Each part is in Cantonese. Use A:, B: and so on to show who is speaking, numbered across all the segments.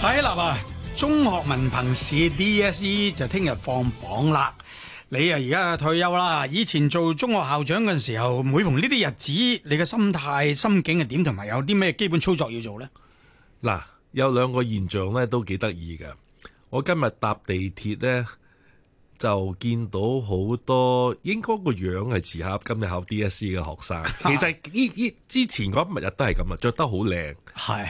A: 喺、哎、啦，中學文憑試 DSE 就聽日放榜啦。你啊，而家退休啦。以前做中學校長嘅時候，每逢呢啲日子，你嘅心態、心境係點，同埋有啲咩基本操作要做呢？
B: 嗱，有兩個現象咧，都幾得意㗎。我今日搭地鐵咧，就見到好多，應該個樣係遲下今日考 DSE 嘅學生。 其實之前嗰日日都係咁啊，着得好靚。係。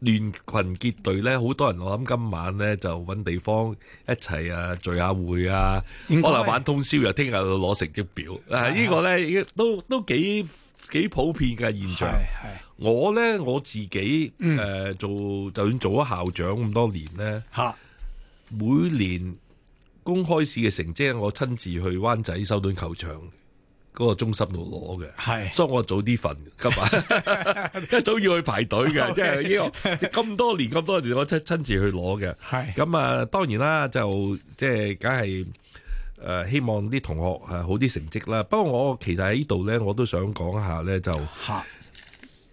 B: 亂群結隊咧，好多人我諗今晚咧就搵地方一齊啊聚下會啊，該可能玩通宵又聽日攞成績表，啊、嗯、呢個咧都都幾幾普遍嘅現象。我咧我自己誒做、嗯呃、就算做咗校長咁多年咧，嗯、每年公開試嘅成績我親自去灣仔修頓球場。嗰個中心度攞嘅，是所以我早啲瞓今日， 因為早要去排隊嘅， 即係呢個咁多年咁多年，我親親自去攞嘅。咁是啊，當然啦，就即係梗係誒希望啲同學誒好啲成績啦。不過我其實喺呢度咧，我都想講下咧就，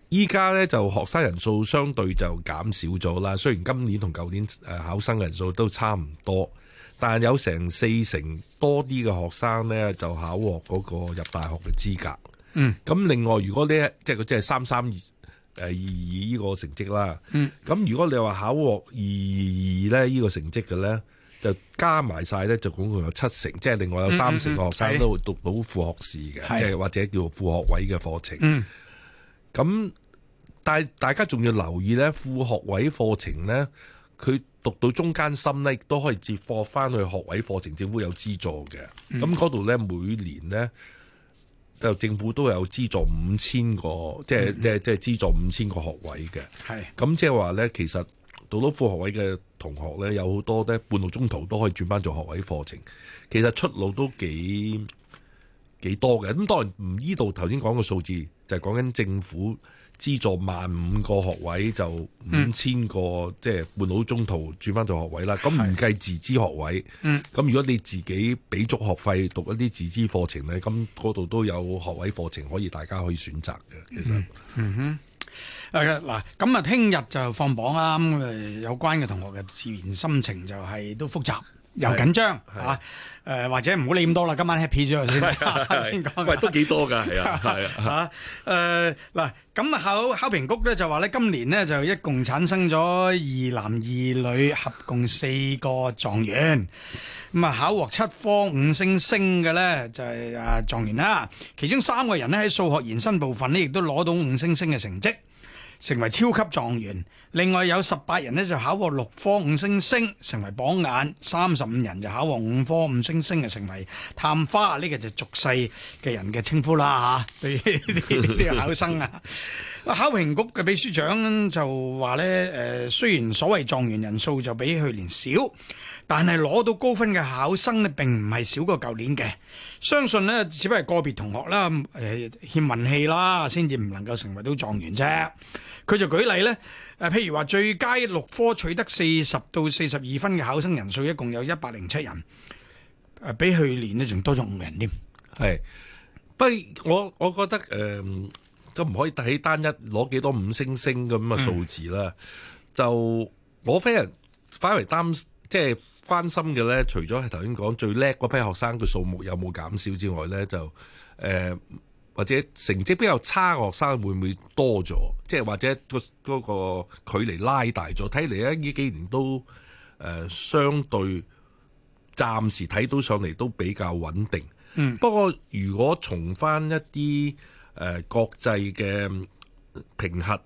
B: 依家咧就學生人數相對就減少咗啦。雖然今年同舊年誒考生人數都差唔多。但有成四成多啲嘅學生咧，就考獲嗰個入大學嘅資格。嗯，咁另外如果呢，即係佢即係三三二誒二二呢個成績啦。嗯，咁如果你話考獲二二二咧呢個成績嘅咧，就加埋晒咧就總共有七成，即係另外有三成嘅學生都會讀到副學士嘅，即係、嗯、或者叫做副學位嘅課程。嗯，咁但係大家仲要留意咧，副學位課程咧。佢讀到中間心咧，都可以接課返去學位課程，政府有資助嘅。咁嗰度呢，每年呢，就政府都有資助五千個，即係、嗯嗯、即係即係資助五千個學位嘅。係咁即係話呢，其實讀到副學位嘅同學呢，有好多呢半路中途都可以轉返做學位課程。其實出路都幾幾多嘅。咁當然，唔依度頭先講個數字，就係講緊政府，資助萬五個學位就五千個，嗯、即係半路中途轉翻做學位啦。咁唔計自資學位，咁、嗯、如果你自己俾足學費讀一啲自資課程咧，咁嗰度都有學位課程可以大家可以選擇
A: 嘅。其實，嗱咁、嗯嗯、啊，聽日就放榜啦。咁有關嘅同學嘅自然心情就係都複雜。又緊張嚇，誒或者唔好理咁多啦。今晚 happy 咗先，先講。
B: 喂，都幾多㗎係啊嚇
A: 誒嗱，咁考考評局咧就話咧，今年咧就一共產生咗二男二女，合共四個狀元咁啊，考獲七科五星星嘅咧就係啊狀元啦。其中三個人咧喺數學延伸部分咧，亦都攞到五星星嘅成績。成為超級狀元，另外有十八人咧就考獲六科五星星，成為榜眼。三十五人就考獲五科五星星，就成為探花。呢、呢個就俗世嘅人嘅稱呼啦，吓，對於呢啲考生啊， 考評局嘅秘書長就話呢誒，雖然所謂狀元人數就比去年少，但係攞到高分嘅考生咧，並唔係少過舊年嘅。相信呢，只不過係個別同學啦，誒欠運氣啦，先至唔能夠成為到狀元啫。佢就舉例呢，誒、呃、譬如話最佳六科取得四十到四十二分嘅考生人數，一共有一百零七人，呃，比去年呢仲多咗五人添、
B: 啊。係，不過我我覺得誒都唔可以睇單一攞幾多五星星咁嘅數字啦。嗯、就我反而反而擔即係。關心嘅呢，除咗係頭先講最叻嗰批學生嘅數目有冇減少之外呢，就誒、呃、或者成績比較差嘅學生會唔會多咗？即係或者個嗰個距離拉大咗。睇嚟呢依幾年都誒、呃、相對暫時睇到上嚟都比較穩定。嗯、不過如果從翻一啲誒、呃、國際嘅評核誒、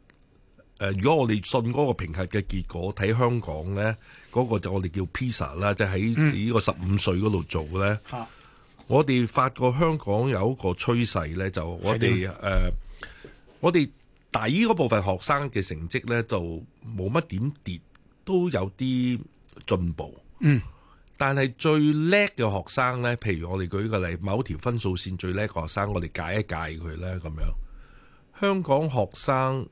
B: 呃，如果我哋信嗰個評核嘅結果，睇香港呢。嗰個我 izza, 就個、嗯、我哋叫 pizza 啦，即係喺呢個十五歲嗰度做呢，我哋發覺香港有一個趨勢呢，就我哋誒、呃，我哋底嗰部分學生嘅成績呢，就冇乜點跌，都有啲進步。嗯，但係最叻嘅學生呢，譬如我哋舉個例，某條分數線最叻嘅學生，我哋界一界佢呢。咁樣。香港學生、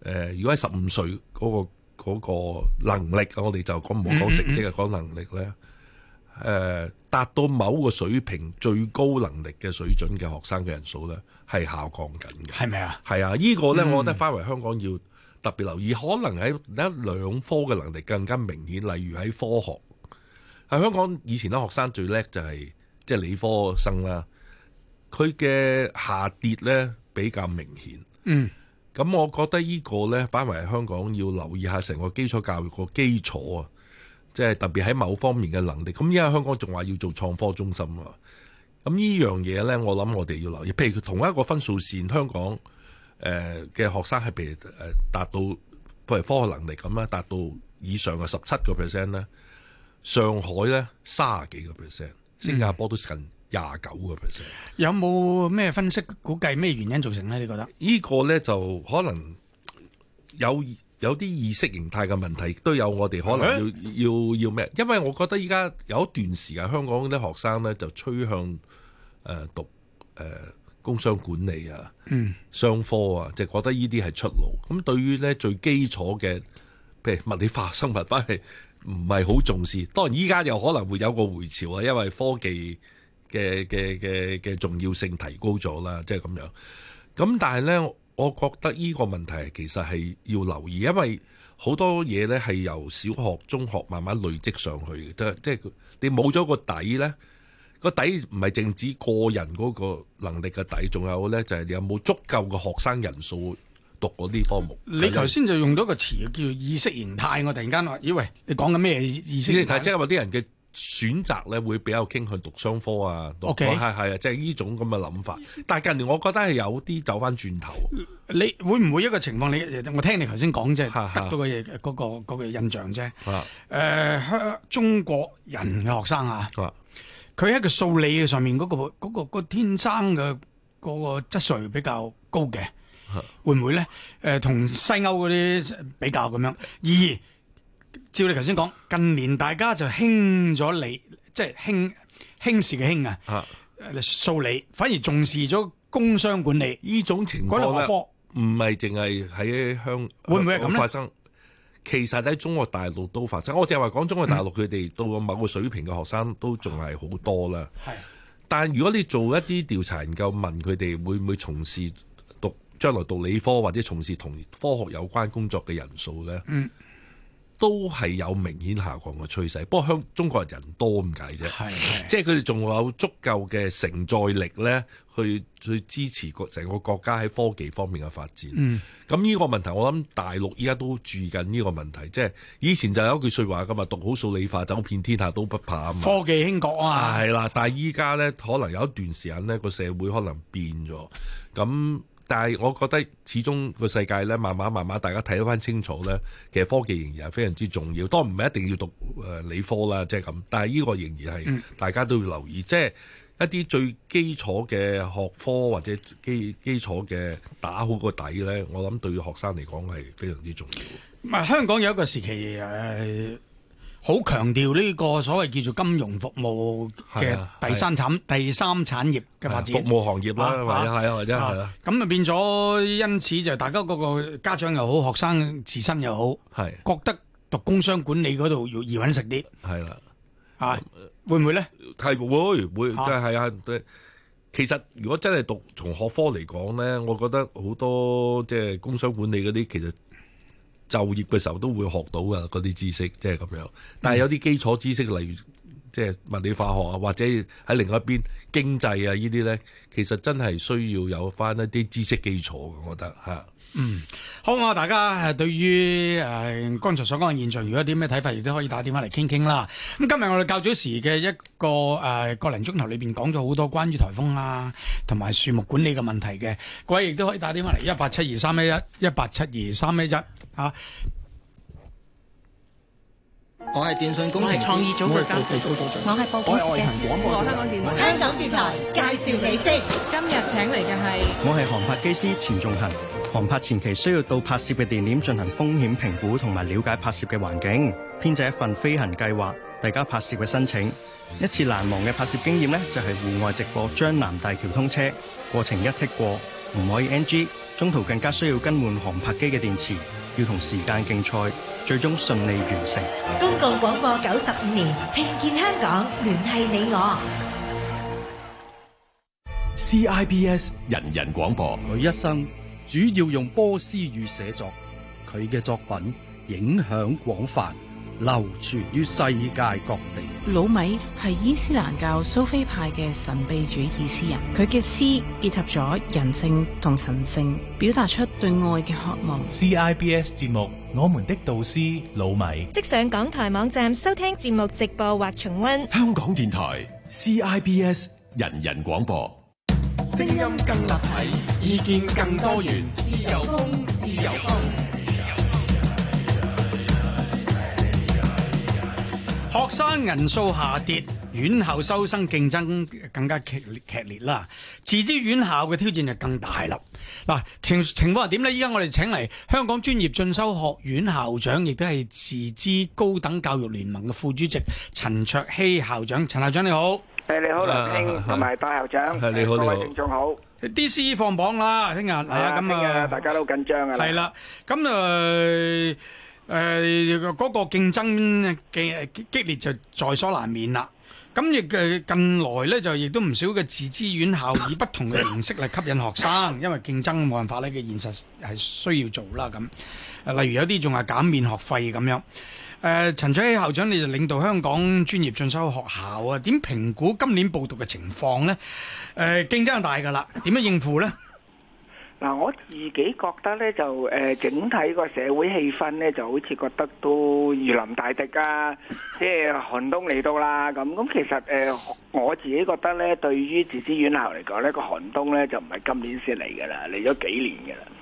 B: 呃、如果喺十五歲嗰、嗰個。嗰個能力，我哋就講唔好講成績啊，講能力呢，誒、呃、達到某個水平最高能力嘅水準嘅學生嘅人數呢，係下降緊嘅，係咪啊？係啊，呢、呢個呢，嗯、我覺得返回香港要特別留意，可能喺一兩科嘅能力更加明顯，例如喺科學，喺香港以前啲學生最叻就係即係理科生啦，佢嘅下跌呢比較明顯，嗯。咁我覺得呢個呢，反為香港要留意下成個基礎教育個基礎啊，即係特別喺某方面嘅能力。咁依家香港仲話要做創科中心啊，咁呢樣嘢呢，我諗我哋要留意。譬如同一個分數線，香港誒、嘅學生係譬如，誒、達到譬如科學能力咁樣，達到以上嘅十七個 percent 呢，上海呢三十幾個 percent，新加坡都近。廿九個 percent，有冇咩分析估計咩原因造成呢？你覺得呢個呢，就可能有有啲意識形態嘅問題，都有我哋可能要、嗯、要要咩？因為我覺得依家有一段時間香港啲學生呢，就趨向誒、呃、讀誒、呃、工商管理啊、嗯、商科啊，即係覺得呢啲係出路。咁對於呢最基礎嘅，譬如物理化、生物反而唔係好重視。當然依家又可能會有個回潮啊，因為科技。嘅嘅嘅嘅重要性提高咗啦，即係咁樣。咁但係咧，我覺得呢個問題其實係要留意，因為好多嘢咧係由小學、中學慢慢累積上去嘅，就是。即係即係你冇咗個底咧，個底唔係淨止個人嗰個能力嘅底，仲有咧就係、是、你有冇足夠嘅學生人數讀嗰啲科目。你頭先就用咗一個詞
A: 叫做意識形態，我突然間話：咦喂，你講緊咩意識形態？意識形態即
B: 係話啲人嘅。選擇咧會比較傾向讀商科啊，係係啊，即係呢種咁嘅諗法。但係近年我覺得係有啲走翻轉頭。你會唔會一個情況？你我聽你頭先講啫，即係、得到嘅、嗰、
A: 嗰個、 嗰個嗰個印象啫。誒、 呃，香中國人嘅學生啊，佢喺 個數理上面嗰、嗰個、嗰個、嗰個天生嘅嗰、嗰個質素比較高嘅， 會唔會咧？誒、呃，同西歐嗰啲比較咁樣二。照你頭先講，近年大家就興咗理，即係興興時嘅興啊，數、啊、理反而重視咗工商
B: 管理呢種情況咧，唔係淨係喺香港會唔會係咁咧？發生其實喺中國大陸都發生。我淨係話講中國大陸，佢哋到某個水平嘅學生都仲係好多啦。係、嗯，但係如果你做一啲調查研究，問佢哋會唔會從事讀將來讀理科或者從事同科學有關工作嘅人數咧？嗯。都係有明顯下降嘅趨勢，不過香中國人多咁解啫，的即係佢哋仲有足夠嘅承載力呢，去去支持國成個國家喺科技方面嘅發展。咁呢、嗯、個問題，我諗大陸依家都注意緊呢個問題，即係以前就有一句説話說，㗎嘛：「讀好數理化，走遍天下都不怕。」科技興國啊，係啦，但係依家呢，可能有一段時間呢個社會可能變咗，咁。但係，我覺得始終個世界咧，慢慢慢慢，大家睇得翻清楚咧。其實科技仍然係非常之重要，當然唔係一定要讀誒理科啦，即係咁。但係呢個仍然係大家都要留意，即係一啲最基礎嘅學科或者基基礎嘅打好個底咧。我諗對學生嚟講係非常之重要。
A: 唔係香港有一個時期誒。好強調呢個所謂叫做金融服務嘅第三產第三產業嘅發展，服務行業啦，或者係啊，或者係啦，咁咪變咗，因此就大家個個家長又好，學生自身又好，係覺得讀工商管理嗰度要易搵
B: 食啲，係啦，係會唔會咧？係會會，即係係啊，其實如果真係讀從學科嚟講咧，我覺得好多即係工商管理嗰啲其實。就業嘅時候都會學到嘅嗰啲知識，即係咁樣。但係有啲基礎知識，例如。即係物理化學啊，或者喺另外一邊經濟啊，呢啲咧，其實真係需要有翻一啲知識基礎嘅，我覺得嚇。嗯，
A: 好，我大家係、呃、對於誒、呃、剛才所講嘅現象，如果有啲咩睇法，亦都可以打電話嚟傾傾啦。咁、嗯、今日我哋較早時嘅一個誒、呃、個零鐘頭裏邊講咗好多關於颱風啊同埋樹木管理嘅問題嘅，各位亦都可以打電話嚟一八七二三一一一八七二三一一嚇。我係電
C: 信工，係創意組嘅報題小組長。我係報題記者，我係
D: 香港電台。介紹你先。今日請嚟嘅係
A: 我係航拍機師錢仲恒。航拍前期需要到拍攝嘅地點進行風險評估同埋了解拍攝嘅環境，編制一份飛行計劃，遞交拍攝嘅申請。一次難忘嘅拍攝經驗呢，就係戶外直播將南大橋通車過程一剔過，唔可以 NG。中途更加需要更換航拍機嘅電池，要同時間競賽，最終順利完成。
B: 公共廣播九十五年，聽見香港，聯繫你我。
A: CIBS 人人廣播，佢一生主要用波斯語寫作，佢嘅作品影響廣泛，流傳於世界各地。老米係伊斯蘭教蘇菲派嘅神秘主義詩人，佢嘅詩結合咗人
B: 性同神性，
A: 表達出對愛嘅渴望。
B: CIBS 節目我們的導師老米，
C: 即上港台網站收聽節目直播或重溫。香
A: 港電台 CIBS 人人廣播，聲音更立體，意見更多元，
B: 自由風，自由風。
A: 學生人數下跌，院校收生競爭更加劇劇烈啦。自資院校嘅挑戰就更大啦。嗱、呃，情情況係點咧？依家我哋請嚟香港專業進修學院校長，亦都係自資高等教育聯盟嘅副主席陳卓禧校長。陳校長，你好。誒，你好，劉興同埋戴校長，你好，各位聽眾好。好 DSE 放榜啦，聽日係啊，咁啊那，大家都好緊張啊。係啦，咁誒。呃誒、嗰、呃那個競爭嘅激烈就在所難免啦。咁亦嘅近來咧，就亦都唔少嘅自資院校以不同嘅形式嚟吸引學生，因為競爭冇辦法呢個現實係需要做啦。咁、呃，例如有啲仲係減免學費咁樣。誒、呃，陳卓禧校長，你就領導香港專業進修學校啊，點評估今年報讀嘅情況呢？誒、呃，競爭大噶啦，點樣應付呢？
C: 嗱，我自己覺得呢，就誒、呃，整體個社會氣氛呢，就好似覺得都如臨大敵啊！即係寒冬嚟到啦，咁咁其實誒、呃，我自己覺得呢，對於自資院校嚟講呢，個寒冬呢，就唔係今年先嚟㗎啦，嚟咗幾年㗎啦。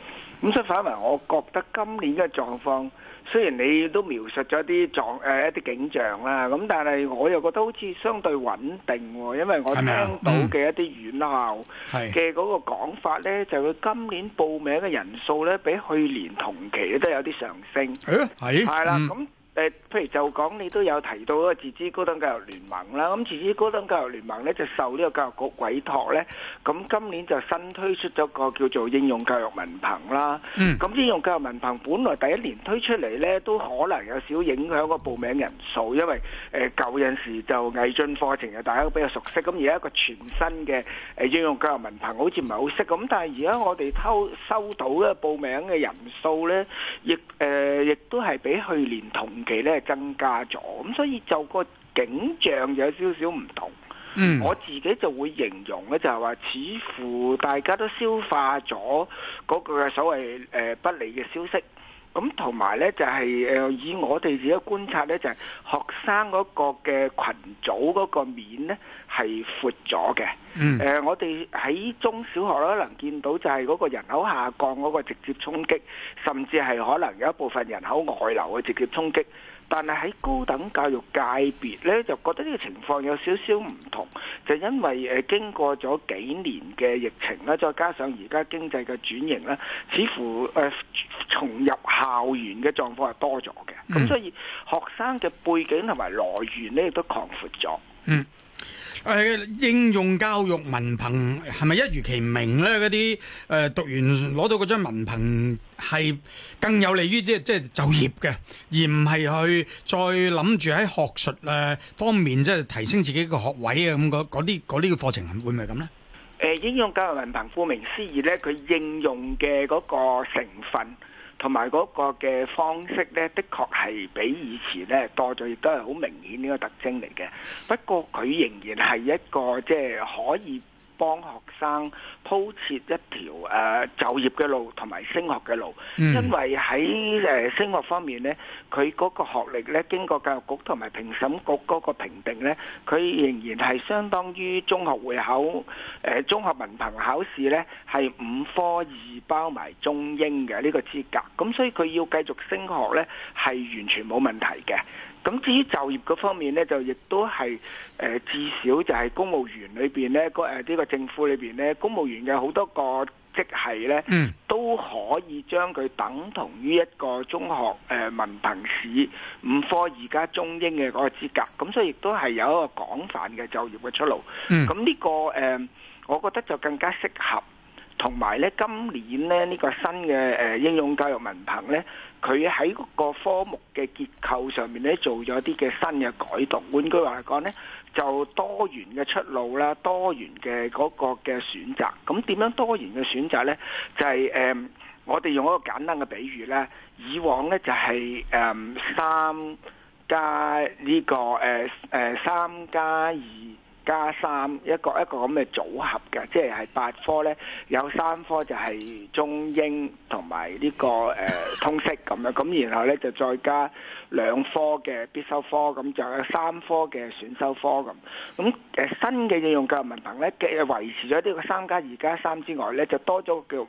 C: 咁相反埋，我覺得今年嘅狀況，雖然你都描述咗啲狀，誒一啲景象啦，咁但係我又覺得好似相對穩定喎，因為我聽到嘅一啲院校嘅嗰個講法呢，就佢今年報名嘅人數呢，比去年同期都有啲上升。係，係啦，咁。譬如就講，你都有提到嗰個自資高等教育聯盟啦。咁自資高等教育聯盟呢，就受呢個教育局委託呢。咁今年就新推出咗個叫做應用教育文憑啦。咁應用教育文憑本來第一年推出嚟呢，都可能有少影響個報名人數，因為誒、呃、舊陣時就毅進課程啊，大家都比較熟悉。咁而家一個全新嘅誒應用教育文憑好，好似唔係好識。咁但係而家我哋收收到嘅報名嘅人數呢，亦誒亦都係比去年同期咧增加咗，咁所以就個景象有少少唔同。
D: 嗯，我自
C: 己就會形容咧，就係話似乎大家都消化咗嗰個所謂誒不利嘅消息。咁同埋咧就係誒以我哋自己觀察咧，就係學生嗰個嘅群組嗰個面咧係闊咗嘅。誒、嗯呃，我哋喺中小學咧，能見到就係嗰個人口下降嗰個直接衝擊，甚至係可能有一部分人口外流嘅直接衝擊。但係喺高等教育界別呢，就覺得呢個情況有少少唔同，就因為誒、呃、經過咗幾年嘅疫情啦，再加上而家經濟嘅轉型啦，似乎誒、呃、重入校園嘅狀況係多咗嘅，咁所以學生嘅背景同埋來源呢，亦都擴闊咗。嗯。
A: 誒、欸，應用教育文憑係咪一如其名咧？嗰啲誒，讀完攞到嗰張文憑係更有利於即即就業嘅，而唔係去再諗住喺學術誒方面即提升自己個學位啊，咁嗰啲嗰啲嘅課程會唔係咁咧？
C: 誒、欸，應用教育文憑顧名思義咧，佢應用嘅嗰個成分。同埋嗰個嘅方式咧，的確係比以前咧多咗，亦都係好明顯呢個特徵嚟嘅。不過佢仍然係一個即係可以，幫學生鋪設一條誒就業嘅路同埋升學嘅路，因為喺誒升學方面呢，佢嗰個學歷呢經過教育局同埋評審局嗰個評定呢，佢仍然係相當於中學會考，誒、呃、中學文憑考試呢係五科二包埋中英嘅呢個資格，咁所以佢要繼續升學呢係完全冇問題嘅。咁至於就業嗰方面咧，就亦都係誒、呃、至少就係公務員裏邊咧，個、呃、呢、這個政府裏邊咧，公務員嘅好多個職系咧，嗯、都可以將佢等同於一個中學誒、呃、文憑試五科而家中英嘅嗰個資格，咁所以亦都係有一個廣泛嘅就業嘅出路。咁呢、嗯、這個誒、呃，我覺得就更加適合。同埋咧，今年咧呢、這個新嘅誒應用教育文憑咧，佢喺嗰個科目嘅結構上面咧，做咗啲嘅新嘅改動。換句話嚟講咧，就多元嘅出路啦，多元嘅嗰個嘅選擇。咁、嗯、點樣多元嘅選擇咧？就係、是、誒、呃，我哋用一個簡單嘅比喻咧，以往咧就係、是、誒、呃、三加呢、這個誒誒、呃呃、三加二。加三，一個一個咁嘅組合嘅，即係係八科呢。有三科就係中英同埋呢個誒、呃、通識咁樣，咁然後呢，就再加兩科嘅必修科，咁就有三科嘅選修科咁。咁誒、嗯、新嘅應用教育文憑呢，既維持咗呢個三加二加三之外呢，就多咗個叫五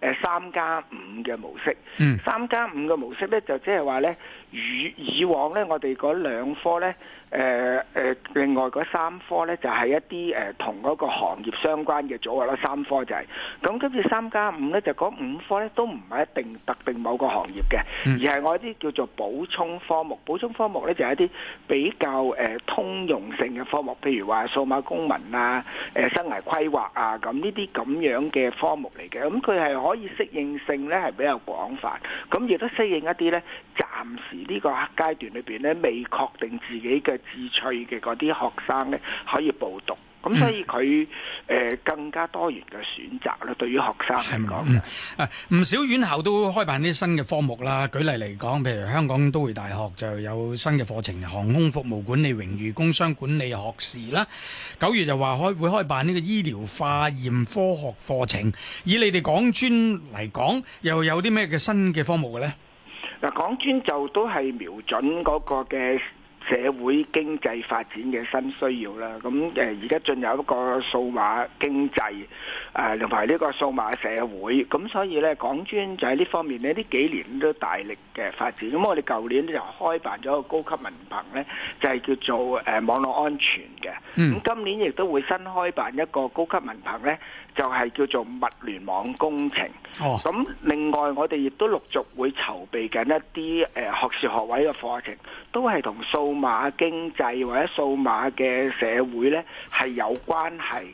C: 誒三加五嘅模式。三加五嘅模式呢，就即係話呢，與以，以往呢，我哋嗰兩科呢，誒、呃、誒、呃、另外嗰三。三科呢就係、是、一啲誒、呃、同嗰個行業相關嘅組合啦。三科就係、是，咁跟住三加五呢，就講、是、五科呢都唔係一定特定某個行業嘅，而係我啲叫做補充科目。補充科目呢，就係、是、一啲比較誒、呃、通用性嘅科目，譬如話數碼公民啊、誒、呃、生涯規劃啊咁呢啲咁樣嘅科目嚟嘅。咁佢係可以適應性呢係比較廣泛，咁亦都適應一啲呢暫時呢個階段裏邊呢未確定自己嘅志趣嘅嗰啲學生呢。可以報讀，咁所以佢誒、嗯呃、更加多元嘅選擇啦。對於
A: 學生嚟講，誒唔少院校都開辦啲新嘅科目啦。舉例嚟講，譬如香港都會大學就有新嘅課程，航空服務管理榮譽工商管理學士啦。九月就話開會開辦呢個醫療化驗科學課程。以你哋港專嚟講，又有啲咩嘅新嘅科目嘅呢？嗱、啊，港專
C: 就都係瞄準嗰個嘅。社會經濟發展嘅新需要啦，咁誒而家進入一個數碼經濟，誒同埋呢個數碼社會，咁所以咧港專就喺呢方面咧，呢幾年都大力嘅發展。咁我哋舊年就開辦咗一個高級文憑咧，就係、是、叫做誒、呃、網絡安全嘅。咁今年亦都會新開辦一個高級文憑咧。就係叫做物聯網工程，咁、oh. 另外我哋亦都陸續會籌備緊一啲誒學士學位嘅課程，都係同數碼經濟或者數碼嘅社會呢係有關係。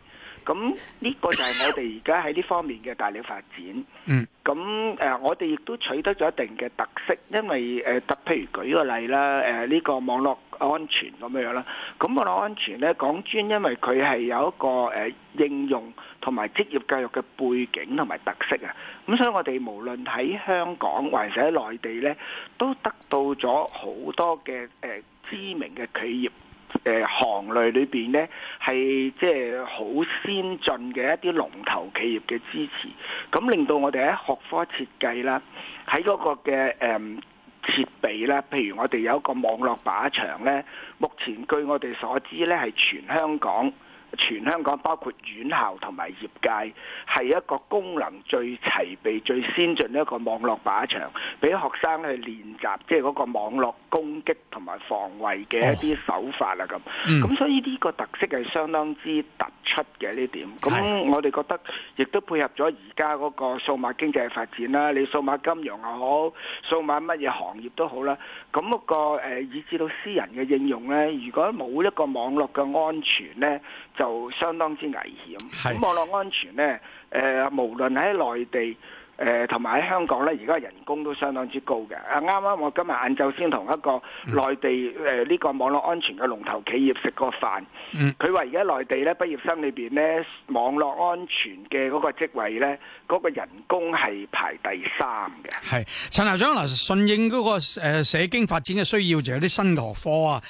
C: 咁呢個就係我哋而家喺呢方面嘅大力發展。嗯。咁誒、呃，我哋亦都取得咗一定嘅特色，因為誒，特、呃、譬如舉個例啦，誒、呃、呢、這個網絡安全咁樣啦。咁、嗯、網絡安全咧，港專因為佢係有一個誒、呃、應用同埋職業教育嘅背景同埋特色啊。咁、呃、所以我哋無論喺香港或者喺內地咧，都得到咗好多嘅誒、呃、知名嘅企業。誒、呃、行類裏邊咧，係即係好先進嘅一啲龍頭企業嘅支持，咁令到我哋喺學科設計啦，喺嗰個嘅誒設備啦，譬如我哋有一個網絡靶場咧，目前據我哋所知咧，係全香港，全香港包括院校同埋業界係一個功能最齊備、最先進一個網絡靶場，俾學生去練習即係嗰個網絡攻擊同埋防衛嘅一啲手法啦咁。咁、oh. mm. 所以呢個特色係相當之突出嘅呢點，咁我哋覺得亦都配合咗而家嗰個數碼經濟嘅發展啦，你數碼金融又好，數碼乜嘢行業都好啦。咁嗰、嗰個誒、呃、以至到私人嘅應用咧，如果冇一個網絡嘅安全咧，就相當之危險。咁係網絡安全呢，誒、呃，無論喺內地誒，同埋喺香港呢，而家人工都相當之高嘅。啊，啱啱我今日晏晝先同一個內地誒呢、嗯呃呢個網絡安全嘅龍頭企業食個飯，佢話而家內地呢畢業生裏邊呢，網絡安全嘅嗰個職位呢，嗰、嗰個人工係排第三嘅。
A: 係，陳校長嗱，順應嗰個社經發展嘅需要，就有啲新學科啊，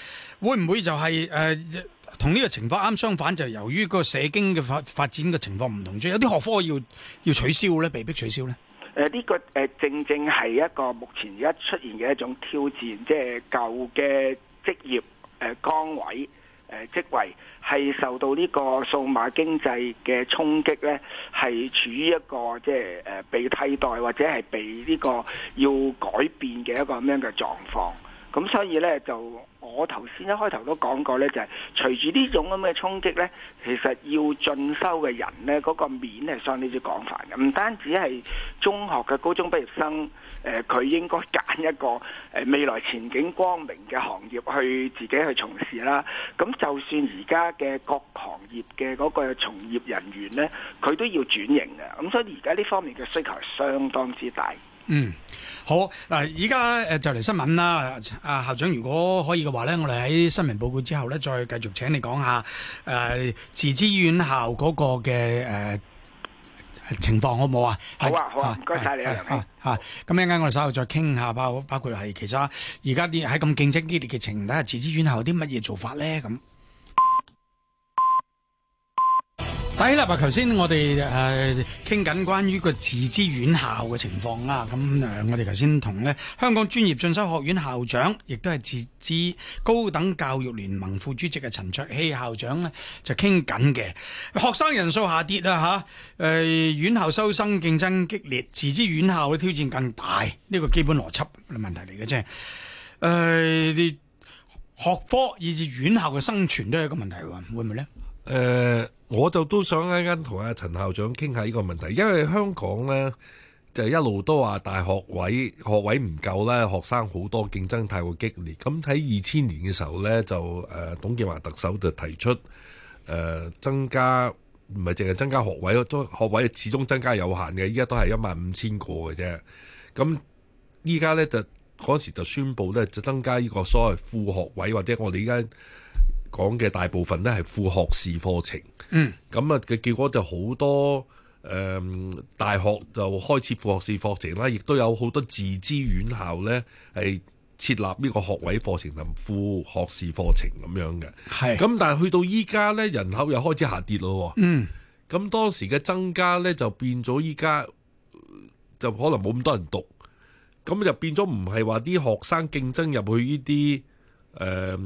A: 會唔會就係、係、誒？呃同呢個情況啱相反，就係由於個社經嘅發發展嘅情況唔同，所以有啲學科要要取消咧，被逼取消咧。
C: 誒呢個誒正正係一個目前而家出現嘅一種挑戰，即係舊嘅職業誒崗位誒職位係受到呢個數碼經濟嘅衝擊咧，係處於一個即係誒被替代或者係被呢個要改變嘅一個咁樣嘅狀況。咁所以咧就。我頭先一開頭都講過呢，就係隨住呢種咁嘅衝擊呢，其實要進修嘅人呢，嗰個面係相對之廣泛嘅，唔單止係中學嘅高中畢業生、呃，佢應該揀一個誒、呃、未來前景光明嘅行業去自己去從事啦。咁就算而家嘅各行業嘅嗰個從業人員呢，佢都要轉型嘅。咁所以而家呢方面嘅需求係相當之大。
A: 嗯，好嗱，而家誒就嚟新聞啦，阿校長如果可以嘅話咧，我哋喺新聞報告之後咧，再繼續請你講下誒、呃，自資院校嗰個嘅誒、呃、情況好唔好啊？好啊，好啊，唔該晒你啊，
C: 吓，
A: 咁一陣間我哋稍後再傾下，包包括係其他而家啲喺咁競爭激烈嘅情況底下自資院校有啲乜嘢做法咧咁。啊啊啊睇啦，頭先、哎、我哋誒傾緊關於個自資院校嘅情況啦。咁、啊、誒，我哋頭先同咧香港專業進修學院校長，亦都係自資高等教育聯盟副主席嘅陳卓禧校長咧，就傾緊嘅學生人數下跌啊吓，誒、呃，院校收生競爭激烈，自資院校嘅挑戰更大，呢個基本邏輯嘅問題嚟嘅啫。誒、啊，啲學科以至院校嘅生存都係一個問題喎，會唔會咧？
B: 誒、呃，我就都想啱啱同阿陳校長傾下呢個問題，因為香港呢，就一路都話大學位學位唔夠呢，學生好多競爭太過激烈。咁喺二千年嘅時候呢，就誒、呃，董建華特首就提出誒、呃、增加，唔係淨係增加學位咯，學位始終增加有限嘅，依家都係一萬五千個嘅啫。咁依家呢，就嗰時就宣布呢，就增加呢個所謂副學位或者我哋依家。講嘅大部分咧係副學士課程，咁啊嘅結果就好多誒、呃、大學就開始副學士課程啦，亦都有好多自資院校呢，係設立呢個學位課程同副學士課程咁樣嘅。係咁是，但係去到依家呢，人口又開始下跌咯。嗯，咁當時嘅增加呢，就變咗依家就可能冇咁多人讀，咁就變咗唔係話啲學生競爭入去呢啲誒、呃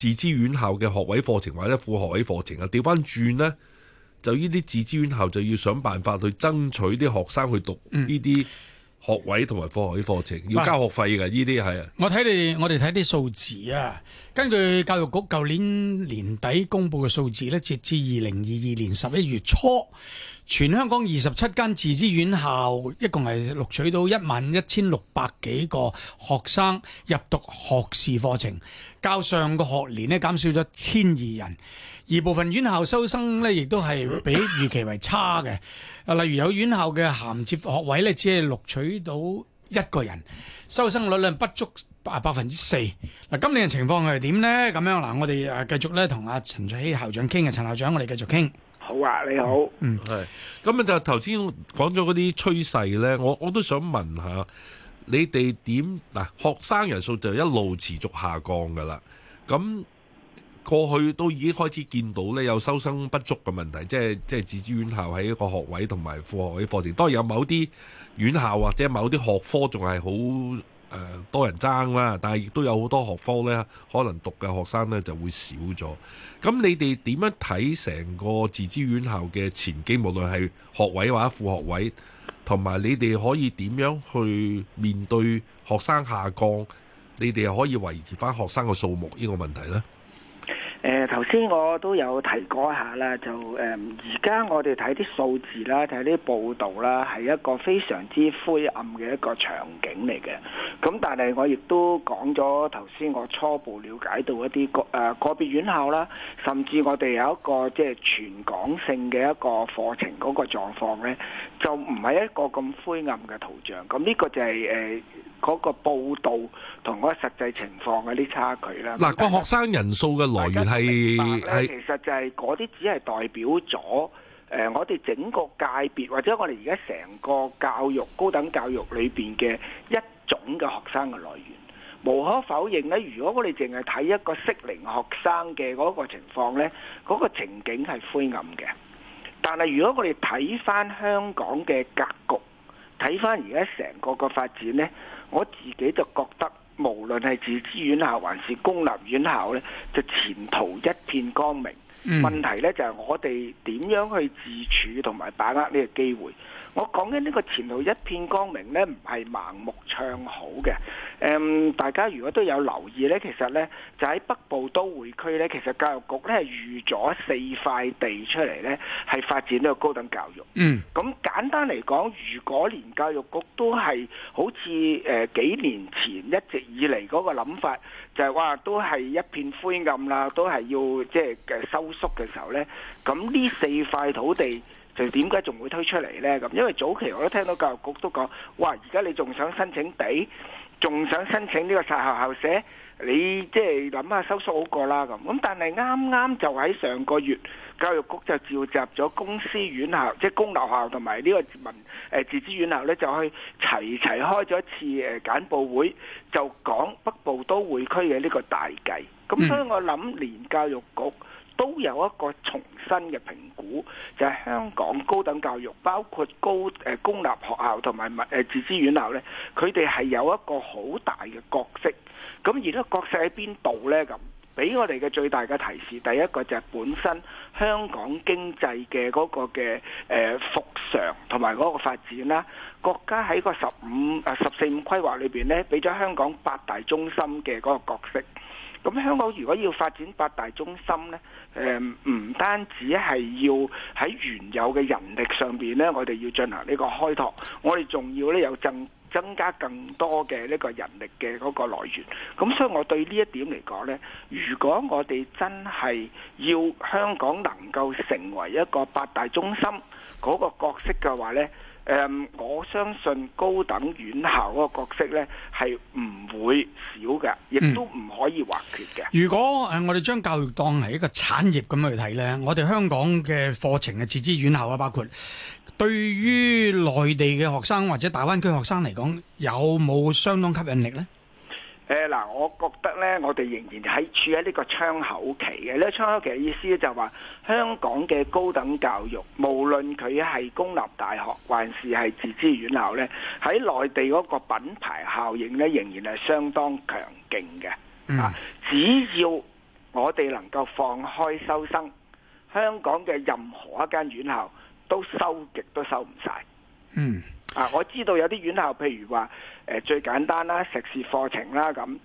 B: 自資院校嘅學位課程或者副學位課程啊，調翻轉呢就呢啲自資院校就要想辦法去爭取啲學生去讀呢啲學位同埋副學位課程，嗯、要交學費嘅呢啲係。
A: 我睇你，我哋睇啲數字啊，根據教育局舊年年底公布嘅數字呢，截至二零二二年十一月初。全香港二十七間自資院校一共係錄取到一萬一千六百幾個學生入讀學士課程，較上個學年咧減少咗千二人，而部分院校收生呢亦都係比預期為差嘅。啊，例如有院校嘅銜接學位呢，只係錄取到一個人，收生率咧不足百分之四。嗱、啊，今年嘅情況係點呢？咁樣嗱、啊，我哋啊繼續咧同阿陳卓禧校長傾嘅。陳、啊、校長我哋繼續傾。
B: 好啊，你好。嗯，係、嗯。咁啊， 就頭先講咗嗰啲趨勢咧，我我都想問下你哋點嗱？學生人數就一路持續下降噶啦。咁過去都已經開始見到咧有收生不足嘅問題，即係即係，自資院校喺一個學位同埋副學位課程，當然有某啲院校或者某啲學科仲係好。誒、呃，多人爭啦，但係亦都有好多學科呢，可能讀嘅學生呢就會少咗。咁你哋點樣睇成個自資院校嘅前景？無論係學位或者副學位，同埋你哋可以點樣去面對學生下降？你哋可以維持翻學生嘅數目呢個問題呢？
C: 誒，頭先、呃、我都有提過一下啦，就誒而家我哋睇啲數字啦，睇啲報道啦，係一個非常之灰暗嘅一個場景嚟嘅。咁但係我亦都講咗頭先，我初步了解到一啲個誒、呃、個別院校啦，甚至我哋有一個即係、就是、全港性嘅一個課程嗰個狀況咧，就唔係一個咁灰暗嘅圖像。咁呢個就係誒嗰個報道同嗰個實際情況嗰啲差距啦。嗱，個學
B: 生人數嘅。來源係，其
C: 實就係嗰啲只係代表咗，誒是、呃，我哋整個界別或者我哋而家成個教育高等教育裏邊嘅一種嘅學生嘅來源。無可否認呢，如果我哋淨係睇一個適齡學生嘅嗰個情況呢嗰、嗰個情景係灰暗嘅。但係如果我哋睇翻香港嘅格局，睇翻而家成個個發展呢我自己就覺得。無論係自資院校還是公立院校咧，就前途一片光明。問題咧就係我哋點樣去自處，同埋把握呢個機會。我講緊呢個前途一片光明呢，唔係盲目唱好嘅。誒、um，大家如果都有留意呢，其實呢就喺北部都會區呢，其實教育局呢係預咗四塊地出嚟呢，係發展呢個高等教育。Mm. 嗯。咁簡單嚟講，如果連教育局都係好似誒、呃、幾年前一直以嚟嗰個諗法，就係、是、話都係一片灰暗啦，都係要即係、就是、收縮嘅時候呢。咁呢四塊土地。就點解仲會推出嚟呢？咁因為早期我都聽到教育局都講，哇！而家你仲想申請地，仲想申請呢個曬學校舍，你即係諗下收縮好過啦咁。咁但係啱啱就喺上個月，教育局就召集咗公私院校，即係公立學校同埋呢個民自資院校呢，就去齊齊開咗一次誒簡報會，就講北部都會區嘅呢個大計。咁所以我諗連教育局，都有一個重新嘅評估，就係、是、香港高等教育，包括高誒、呃、公立學校同埋民誒自資院校呢，佢哋係有一個好大嘅角色。咁而呢個角色喺邊度呢？咁俾我哋嘅最大嘅提示，第一個就係本身香港經濟嘅嗰個嘅誒復常同埋嗰個發展啦。國家喺個十五啊十四五規劃裏邊呢，俾咗香港八大中心嘅嗰個角色。咁香港如果要發展八大中心呢，誒、呃、唔單止係要喺原有嘅人力上邊呢，我哋要進行呢個開拓，我哋仲要呢有增增加更多嘅呢個人力嘅嗰個來源。咁所以我對呢一點嚟講呢，如果我哋真係要香港能夠成為一個八大中心嗰個角色嘅話呢。誒，um, 我相信高等院校個角色呢，係唔會少嘅，亦都唔可以或
A: 缺嘅、嗯。如果誒，我哋將教育當係一個產業咁去睇呢，我哋香港嘅課程係自資院校啊，包括對於內地嘅學生或者大灣區學生嚟講，有冇相當吸引力呢？
C: 誒嗱，我覺得咧，我哋仍然喺處喺呢個窗口期嘅。呢窗口期嘅意思咧，就係話香港嘅高等教育，無論佢係公立大學還是係自資院校咧，喺內地嗰個品牌效應咧，仍然係相當強勁嘅。啊，只要我哋能夠放開收生，香港嘅任何一間院校都收極都收唔晒。嗯。啊！我知道有啲院校，譬如話誒、呃，最簡單啦，碩士課程啦咁。誒、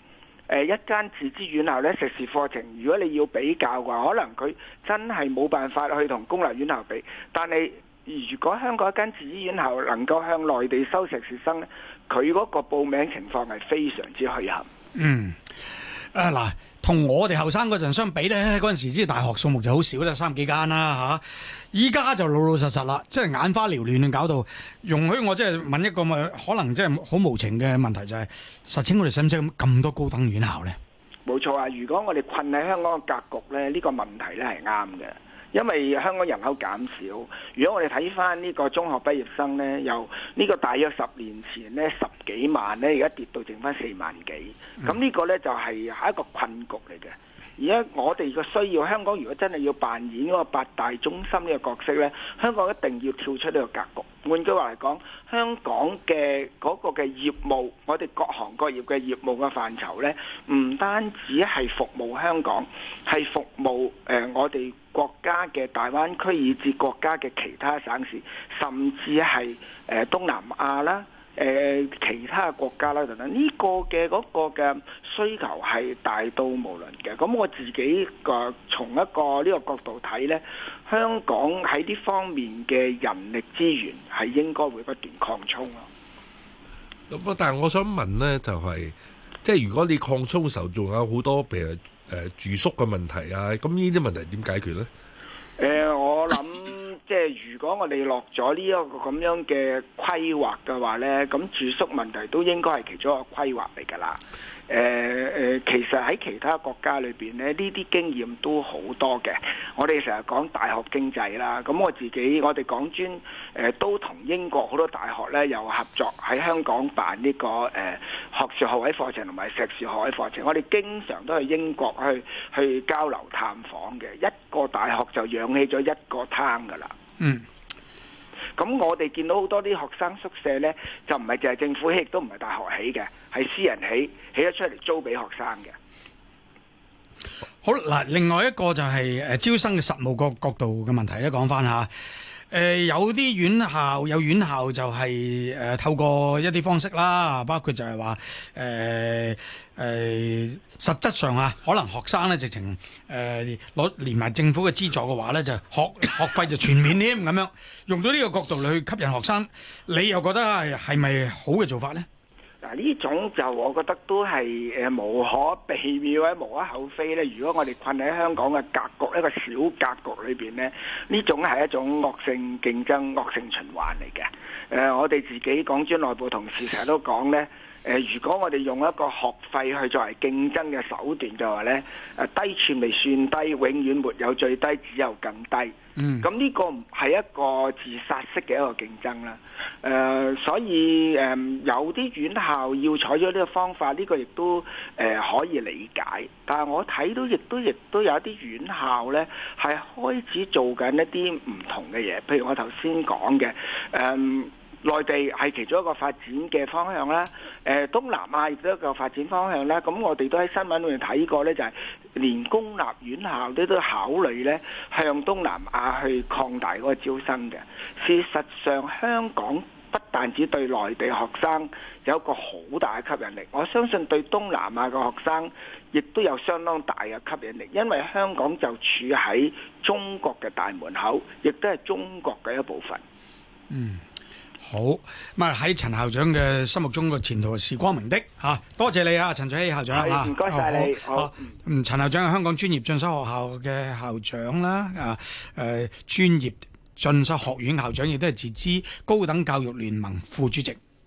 C: 呃，一間自資院校呢，碩士課程，如果你要比較嘅話，可能佢真係冇辦法去同公立院校比。但係如果香港一間自資院校能夠向內地收碩士生咧，佢嗰個報名情況係非常
A: 之墟冚。嗯。誒、啊，嗱。同我哋後生嗰陣相比咧，嗰陣時啲大學數目就好少啦，三十幾間啦嚇。依家就老老實實啦，即係眼花撩亂，搞到容許我即係問一個咪可能即係好無情嘅問題，就是，就係實情我哋使唔使咁咁多高等院校咧？
C: 冇錯啊！如果我哋困喺香港嘅格局咧，呢、呢個問題咧係啱嘅。因為香港人口減少，如果我哋睇翻呢個中學畢業生呢，由呢個大約十年前呢，十幾萬呢，而家跌到剩翻四萬幾，咁呢個呢，就係係一個困局嚟嘅。而家我哋嘅需要，香港如果真係要扮演嗰個八大中心呢個角色咧，香港一定要跳出呢個格局。換句話嚟講，香港嘅嗰個嘅業務，我哋各行各業嘅業務嘅範疇咧，唔單止係服務香港，係服務誒、呃、我哋國家嘅大灣區以至國家嘅其他省市，甚至係誒、呃、東南亞啦。誒、呃、其他國家啦等等，呢、這個嘅嗰嘅需求係大到無人嘅。咁我自己個從一個呢個角度睇呢，香港喺呢方面嘅人力資源係應該會不斷擴充咯、啊。
B: 咁但係我想問呢，就係、是、即係如果你擴充嘅時候，仲有好多譬如誒、呃、住宿嘅問題啊，咁呢啲問題點解決呢？誒、
C: 呃，我諗即係。如果我哋落咗呢一個咁樣嘅規劃嘅話呢，咁住宿問題都應該係其中一個規劃嚟㗎啦。誒、呃、誒、呃，其實喺其他國家裏邊咧，呢啲經驗都好多嘅。我哋成日講大學經濟啦，咁我自己我哋港專都同英國好多大學呢有合作，喺香港辦呢、這個誒、呃、學士學位課程同埋碩士學位課程。我哋經常都去英國去去交流探訪嘅，一個大學就養起咗一個攤㗎啦。嗯，咁我哋見到好多啲學生宿舍呢，就唔係淨係政府起，亦都唔係大學起嘅，係私人起起咗出嚟租俾學生嘅。
A: 好嗱，另外一個就係誒招生嘅實務個角度嘅問題咧，講翻吓。誒、呃、有啲院校有院校就係、是、誒、呃、透過一啲方式啦，包括就係話誒誒實質上啊，可能學生咧直情誒攞連埋政府嘅資助嘅話咧，就學學費就全免添咁樣，用到呢個角度嚟去吸引學生，你又覺得係咪好嘅做法咧？
C: 嗱，呢種就我覺得都係誒無可避免或者無可厚非咧。如果我哋困喺香港嘅格局一個小格局裏邊咧，呢種係一種惡性競爭、惡性循環嚟嘅。誒、呃，我哋自己港專內部同事成日都講咧，誒、呃，如果我哋用一個學費去作為競爭嘅手段，就話咧誒，低處未算低，永遠沒有最低，只有更低。嗯，咁呢個唔係一個自殺式嘅一個競爭啦，誒、呃，所以誒、呃、有啲院校要採咗呢個方法，呢、呢個亦都誒、呃、可以理解。但係我睇到亦都亦都有一啲院校呢，係開始做緊一啲唔同嘅嘢，譬如我頭先講嘅誒。呃內地係其中一個發展嘅方向啦，誒，東南亞亦都一個發展方向啦。咁我哋都喺新聞裏面睇過呢就係、是、連公立院校都都考慮呢向東南亞去擴大嗰個招生嘅。事實上，香港不但止對內地學生有一個好大嘅吸引力，我相信對東南亞嘅學生亦都有相當大嘅吸引力，因為香港就處喺中國嘅大門口，亦都係中國嘅一部分。嗯。
A: 好，咁啊喺陳校長嘅心目中個前途是光明的吓。啊，多謝你啊，陳卓禧校長，謝謝啊，唔該晒你。好，嗯好，陳、啊、校長係香港專業進修學校嘅校長啦，啊，誒、呃，專業進修學院校長亦都係自資高等教育聯盟副主席。